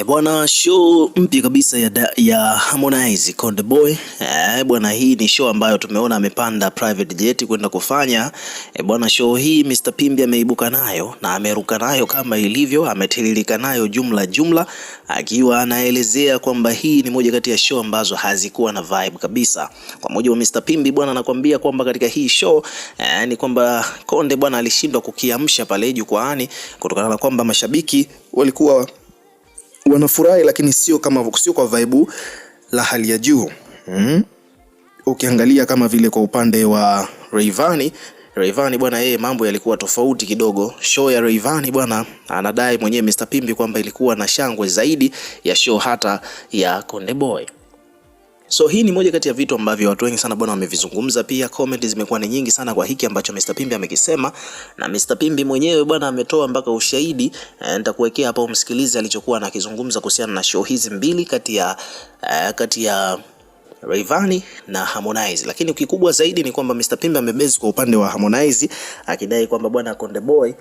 E bwana, show mpya kabisa ya, da, ya Harmonize Konde Boy. E bwana, hii ni show ambayo tumeona amepanda private jet kwenda kufanya. E bwana, show hii Mr Pimbi ameibuka nayo na ameruka nayo kama ilivyo, ametiririka nayo jumla jumla, akiwa anaelezea kwamba hii ni moja kati ya show ambazo hazikuwa na vibe kabisa. Kwa mujibu wa Mr Pimbi bwana, anakuambia kwamba katika hii show e, ni kwamba Konde bwana alishindwa kukiamsha pale jukwaani kutokana na kwamba mashabiki walikuwa wanafurahi, lakini sio kama sio kwa vibe la hali ya juu mm. Ukiangalia kama vile kwa upande wa Rayvanny Rayvanny bwana, yeye mambo yalikuwa tofauti kidogo. Show ya Rayvanny bwana, anadai mwenyewe Mr Pimbi kwamba ilikuwa na shangwe zaidi ya show hata ya Konde Boy. So hii ni moja kati ya vitu ambavyo watu wengi sana bwana wamevizungumza, pia comment zimekuwa ni nyingi sana kwa hiki ambacho Mr Pimbi amekisema, na Mr Pimbi mwenyewe bwana ametoa mpaka ushahidi. Eh, nitakuwekea hapa umsikilize alichokuwa anakizungumza kuhusiana na show hizi mbili kati ya uh, kati ya Rayvanny na Harmonize. Lakini kikubwa zaidi ni kwamba Mr Pimbi amebezi kwa upande wa Harmonize akidai kwamba bwana Konde Boy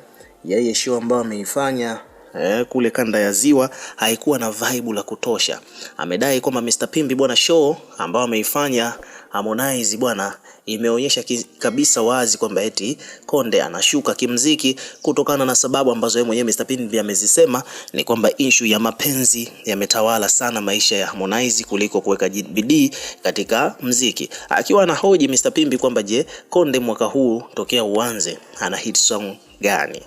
yeye show ambayo ameifanya eh, kule kanda ya Ziwa haikuwa na vibe la kutosha. Amedai kwamba Mr Pimbi bwana, show ambayo ameifanya Harmonize bwana imeonyesha kabisa wazi kwamba eti Konde anashuka kimziki kutokana na sababu ambazo yeye mwenyewe Mr Pimbi amezisema ni kwamba issue ya mapenzi yametawala sana maisha ya Harmonize kuliko kuweka bidii katika mziki. Akiwa anahoji Mr Pimbi kwamba je, Konde mwaka huu tokea uanze ana hit song gani?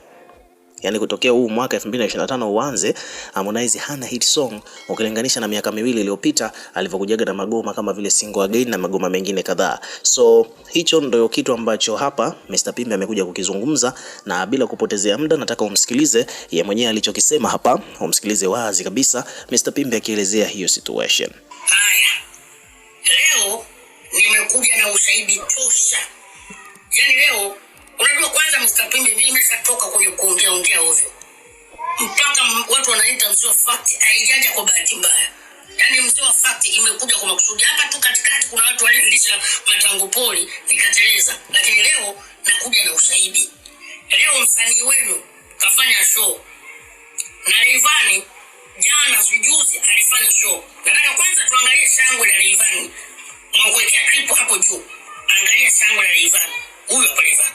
yani kutokea huu mwaka 2025 uanze, Harmonize hana hit song ukilinganisha na miaka miwili iliyopita alivyokujaga na magoma kama vile Single Again na magoma mengine kadhaa. So hicho ndio kitu ambacho hapa Mr Pimbe amekuja kukizungumza, na bila kupotezea muda nataka umsikilize yeye mwenyewe alichokisema hapa, umsikilize wazi kabisa Mr Pimbe akielezea hiyo situation. Haya, leo nimekuja na ushahidi tosha, yani leo Mr. ni mimi nimeshatoka kwenye kuongea ongea ovyo, mpaka watu wanaita mzee wa fakti. Haijaja kwa bahati mbaya, yaani mzee wa fakti imekuja kwa makusudi. Hapa tu katikati kuna watu walilisha matango poli, nikateleza, lakini leo nakuja na ushahidi. Leo msanii wenu kafanya show na Rayvanny jana sijuzi alifanya show. Nataka kwanza tuangalie shangwe la Rayvanny, nimekuwekea clip hapo juu. Angalia shangwe la Rayvanny, huyo hapa Rayvanny.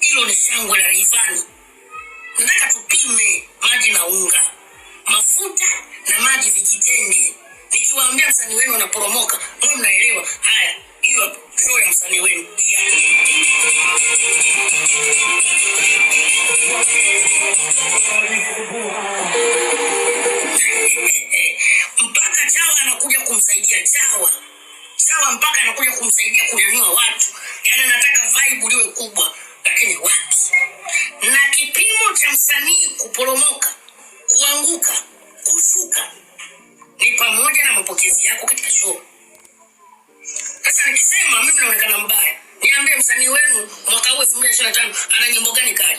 Hilo ni shangwe la Rayvanny. mpaka anakuja kumsaidia kunyanyua watu. Yani anataka vibe liwe kubwa, lakini watu Na kipimo cha msanii kuporomoka, kuanguka, kushuka ni pamoja na mapokezi yako katika show. Sasa nikisema mimi naonekana mbaya, niambie msanii wenu mwaka huu elfu ana nyimbo gani kali?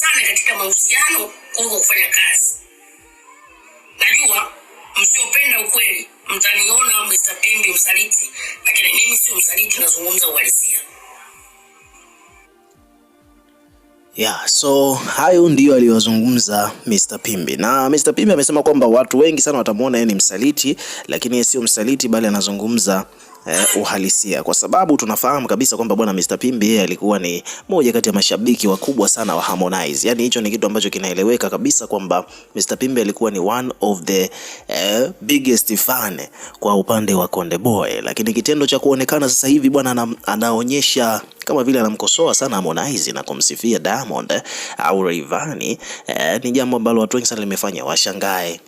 sana katika mahusiano kuliko kufanya kazi. Najua msiopenda ukweli mtaniona Mr. Pimbi msaliti, lakini mimi sio msaliti, nazungumza uhalisia. Yeah, so hayo ndiyo aliyozungumza Mr. Pimbi na Mr. Pimbi amesema kwamba watu wengi sana watamuona yeye ni msaliti, lakini yeye sio msaliti, bali anazungumza eh, uhalisia, kwa sababu tunafahamu kabisa kwamba bwana Mr Pimbi yeye alikuwa ni moja kati ya mashabiki wakubwa sana wa Harmonize. Yani hicho ni kitu ambacho kinaeleweka kabisa kwamba Mr Pimbi alikuwa ni one of the eh, biggest fan kwa upande wa Konde Boy, lakini kitendo cha kuonekana sasa hivi bwana anaonyesha kama vile anamkosoa sana Harmonize na kumsifia Diamond eh, au Rayvanny eh, ni jambo ambalo watu wengi sana limefanya washangae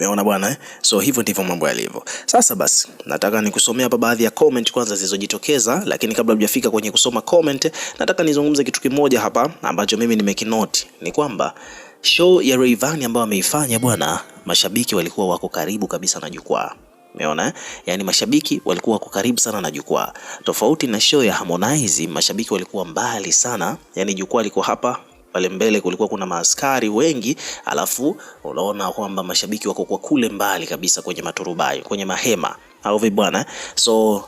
Umeona bwana eh? So hivyo ndivyo mambo yalivyo. Sasa basi nataka nikusomea hapa baadhi ya comment kwanza zilizojitokeza, lakini kabla hujafika kwenye kusoma comment, nataka nizungumze kitu kimoja hapa ambacho mimi nimekinoti ni kwamba show ya Rayvanny ambayo ameifanya bwana, mashabiki walikuwa wako karibu kabisa na jukwaa. Umeona eh? Yaani mashabiki walikuwa wako karibu sana na jukwaa, tofauti na show ya Harmonize, mashabiki walikuwa mbali sana, yaani jukwaa liko hapa pale mbele kulikuwa kuna maaskari wengi, alafu unaona kwamba mashabiki wako kwa kule mbali kabisa kwenye maturubai, kwenye mahema au vibwana. So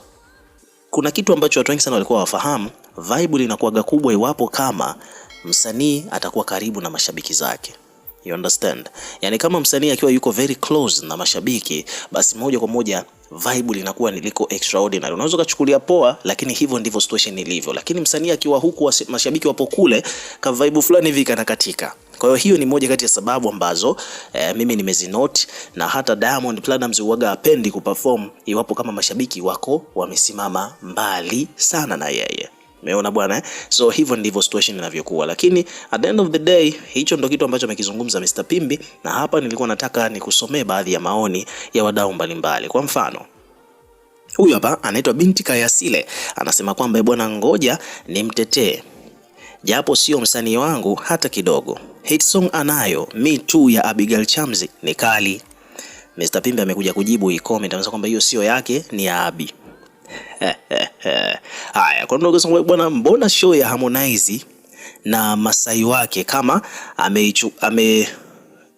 kuna kitu ambacho watu wengi sana walikuwa wafahamu, vibe linakuwaga kubwa iwapo kama msanii atakuwa karibu na mashabiki zake. You understand? Yani kama msanii akiwa yuko very close na mashabiki, basi moja kwa moja vibe linakuwa niliko extraordinary. Unaweza ukachukulia poa, lakini hivyo ndivyo situation ilivyo. Lakini msanii akiwa huku mashabiki wapo kule, ka vibe fulani hivi kanakatika. Kwa hiyo hiyo ni moja kati ya sababu ambazo eh, mimi nimezinote na hata Diamond Platnumz huaga apendi kuperform iwapo kama mashabiki wako wamesimama mbali sana na yeye. Umeona bwana eh? So hivyo ndivyo situation inavyokuwa, lakini at the end of the day hicho ndo kitu ambacho amekizungumza Mr Pimbi, na hapa nilikuwa nataka nikusomee baadhi ya maoni ya wadau mbalimbali. Kwa mfano huyu hapa anaitwa Binti Kayasile anasema kwamba eh, bwana, ngoja nimtetee japo sio msanii wangu hata kidogo. Hit song anayo Me Too ya Abigail Chamzi ni kali. Mr Pimbi amekuja kujibu hii comment, anasema kwamba hiyo sio yake, ni ya Abi. Haya, kwa ndugu zangu bwana, mbona show ya Harmonize na Masai wake kama ameichu, ame,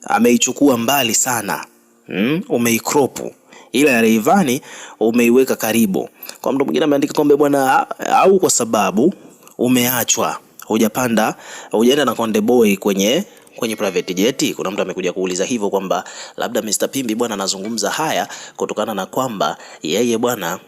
ameichukua mbali sana mm? Umeikropu ila ya Rayvanny umeiweka karibu. Kwa mtu mwingine ameandika kwamba bwana, au kwa sababu umeachwa hujapanda hujaenda na Konde Boy kwenye kwenye private jet. Kuna mtu amekuja kuuliza hivyo kwamba labda Mr Pimbi bwana anazungumza haya kutokana na kwamba yeye bwana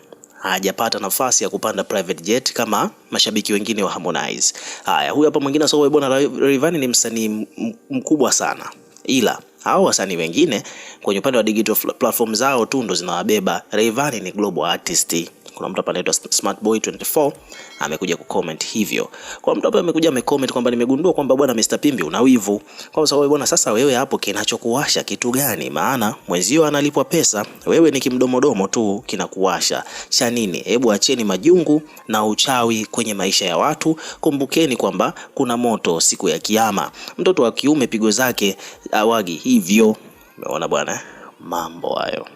hajapata nafasi ya kupanda private jet kama mashabiki wengine wa Harmonize. Haya, huyu hapa mwingine sawa, bwana Rayvanny ni msanii mkubwa sana, ila hao wasanii wengine kwenye upande wa digital platform zao tu ndo zinawabeba. Rayvanny ni global artist. Kuna mtu hapa anaitwa Smartboy24 amekuja kucomment hivyo. Kwa mtu hapa amekuja amecomment kwamba nimegundua kwamba bwana Mr Pimbi una wivu. Kwa sababu bwana, sasa wewe hapo kinachokuwasha kitu gani? Maana mwenzio analipwa pesa, wewe ni kimdomodomo tu kinakuwasha. Cha nini? Hebu acheni majungu na uchawi kwenye maisha ya watu. Kumbukeni kwamba kuna moto siku ya kiyama. Mtoto wa kiume pigo zake awagi hivyo. Umeona bwana mambo hayo.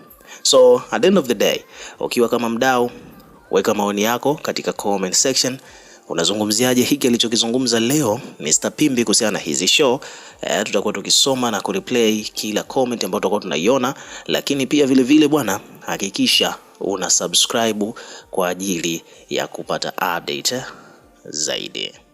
So at the end of the day, ukiwa kama mdau Weka maoni yako katika comment section. Unazungumziaje hiki alichokizungumza leo Mr Pimbi kuhusiana na hizi show? Eh, tutakuwa tukisoma na kureplay kila comment ambayo tutakuwa tunaiona, lakini pia vile vile bwana, hakikisha una subscribe kwa ajili ya kupata update zaidi.